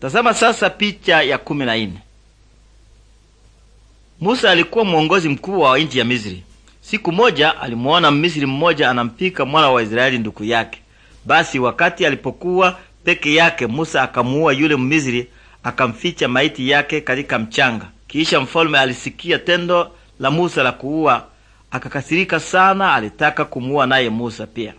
Tazama sasa picha ya kumi na Musa alikuwa mwongozi mkubwa wa nchi ya Misri. Siku moja alimuona Mmisri mmoja anampika mwana wa Israeli ndugu yake. Basi wakati alipokuwa peke yake, Musa akamuua yule Mmisri, akamficha maiti yake katika mchanga. Kisha mfalme alisikia tendo la Musa la kuua, akakasirika sana, alitaka kumuua naye Musa pia.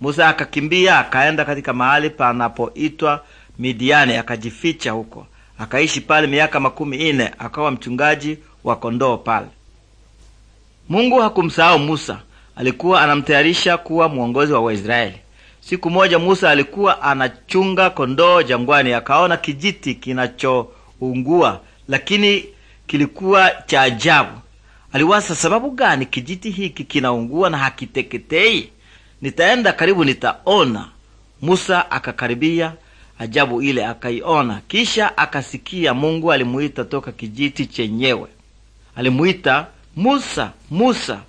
Musa akakimbia akaenda katika mahali panapoitwa Midiani, akajificha huko. Akaishi pale miaka makumi ine akawa mchungaji wa kondoo pale. Mungu hakumsahau Musa, alikuwa anamtayarisha kuwa mwongozi wa Waisraeli. Siku moja Musa alikuwa anachunga kondoo jangwani, akaona kijiti kinachoungua, lakini kilikuwa cha ajabu. Aliwaza, sababu gani kijiti hiki kinaungua na hakiteketei? Nitaenda karibu, nitaona. Musa akakaribia ajabu ile akaiona. Kisha akasikia Mungu alimuita toka kijiti chenyewe, alimuita Musa, Musa,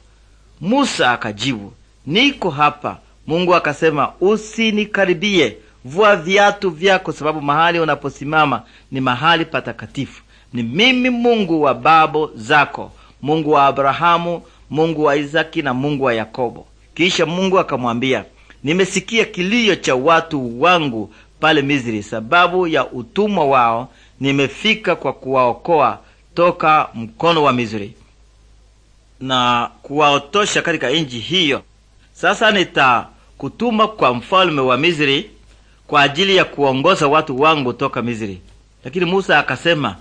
Musa. Akajibu, niko hapa. Mungu akasema, usinikaribie, vua viatu vyako, sababu mahali unaposimama ni mahali patakatifu. Ni mimi Mungu wa babo zako, Mungu wa Abrahamu, Mungu wa Isaki na Mungu wa Yakobo. Kisha Mungu akamwambia, nimesikia kilio cha watu wangu pale Misri. Sababu ya utumwa wao, nimefika kwa kuwaokoa toka mkono wa Misri na kuwaotosha katika nchi hiyo. Sasa nitakutuma kwa mfalme wa Misri kwa ajili ya kuongoza watu wangu toka Misri. Lakini Musa akasema,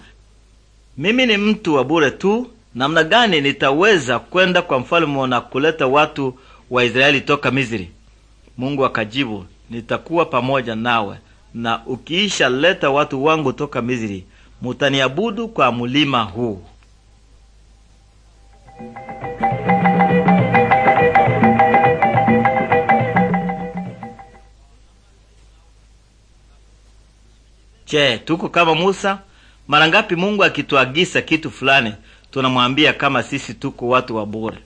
mimi ni mtu wa bure tu, namna gani nitaweza kwenda kwa mfalme na kuleta watu wa Israeli toka Misri? Mungu akajibu, nitakuwa pamoja nawe, na ukiisha leta watu wangu toka Misri, mutaniabudu kwa mulima huu. Je, tuko kama Musa? Mara ngapi Mungu akituagisa kitu fulani tunamwambia kama sisi tuko watu wa bure?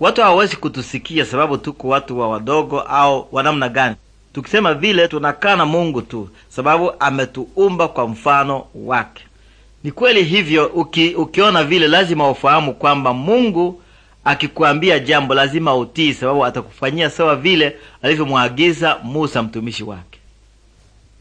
Watu hawawezi kutusikia sababu tuko watu wa wadogo au wa namna gani? Tukisema vile tunakaa na Mungu tu, sababu ametuumba kwa mfano wake. Ni kweli hivyo. Uki, ukiona vile lazima ufahamu kwamba Mungu akikuambia jambo lazima utii, sababu atakufanyia sawa vile alivyomwagiza Musa mtumishi wake.